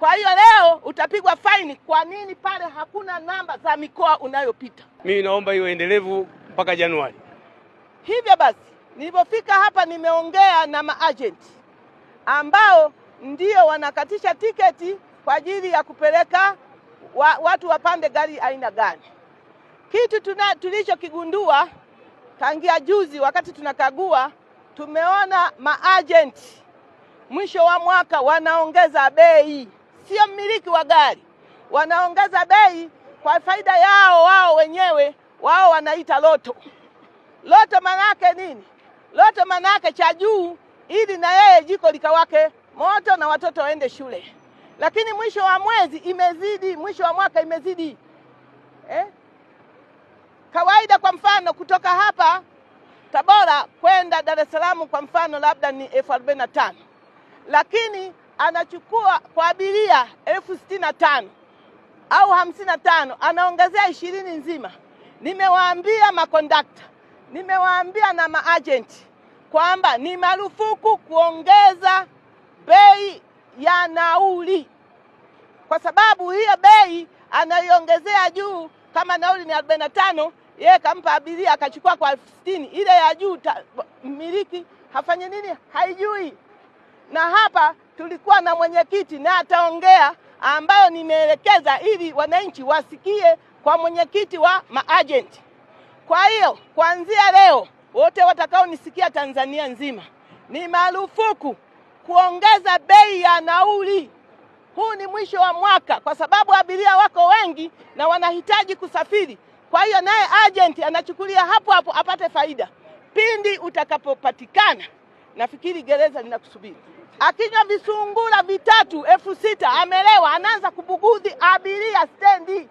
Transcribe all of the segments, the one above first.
Kwa hiyo leo utapigwa faini. Kwa nini pale hakuna namba za mikoa unayopita? Mimi naomba hiyo endelevu mpaka Januari. Hivyo basi, nilipofika hapa nimeongea na maajenti ambao ndio wanakatisha tiketi kwa ajili ya kupeleka wa, watu wapande gari aina gani. Kitu tulichokigundua tangia juzi wakati tunakagua, tumeona maajenti mwisho wa mwaka wanaongeza bei sio mmiliki wa gari, wanaongeza bei kwa faida yao wao wenyewe. Wao wanaita loto. Loto manake nini? Loto manake cha juu, ili na yeye jiko likawake moto na watoto waende shule. Lakini mwisho wa mwezi imezidi, mwisho wa mwaka imezidi eh? Kawaida kwa mfano kutoka hapa Tabora kwenda Dar es Salaam kwa mfano labda ni elfu arobaini na tano lakini anachukua kwa abiria elfu sitini na tano au hamsini na tano anaongezea ishirini nzima. Nimewaambia makondakta, nimewaambia na maajenti kwamba ni marufuku kuongeza bei ya nauli, kwa sababu hiyo bei anaiongezea juu. Kama nauli ni arobaini na tano yeye kampa abiria akachukua kwa elfu sitini ile ya juu, mmiliki hafanye nini? Haijui na hapa tulikuwa na mwenyekiti na ataongea ambayo nimeelekeza ili wananchi wasikie kwa mwenyekiti wa maajenti. Kwa hiyo kuanzia leo wote watakaonisikia Tanzania nzima, ni marufuku kuongeza bei ya nauli. Huu ni mwisho wa mwaka, kwa sababu abiria wako wengi na wanahitaji kusafiri. Kwa hiyo naye ajenti anachukulia hapo hapo apate faida. Pindi utakapopatikana nafikiri gereza linakusubiri. Akinywa visungura vitatu elfu sita amelewa, anaanza kubugudhi abiria stendi.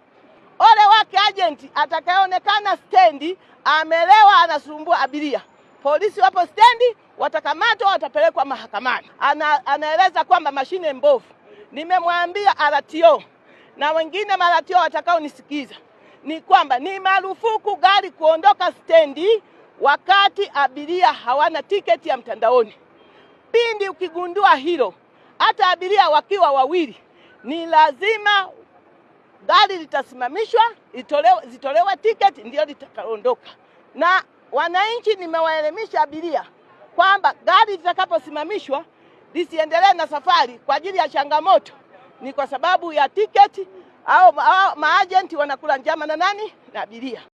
Ole wake ajenti atakayeonekana stendi amelewa, anasumbua abiria. Polisi wapo stendi, watakamatwa, watapelekwa mahakamani. Ana, anaeleza kwamba mashine mbovu. Nimemwambia aratio na wengine maratio watakaonisikiza ni kwamba ni marufuku gari kuondoka stendi wakati abiria hawana tiketi ya mtandaoni. Pindi ukigundua hilo, hata abiria wakiwa wawili, ni lazima gari litasimamishwa, itolewe, zitolewe tiketi ndio litakaondoka. Na wananchi nimewaelimisha abiria kwamba gari litakaposimamishwa lisiendelee na safari kwa ajili ya changamoto, ni kwa sababu ya tiketi au maajenti wanakula njama na nani na abiria.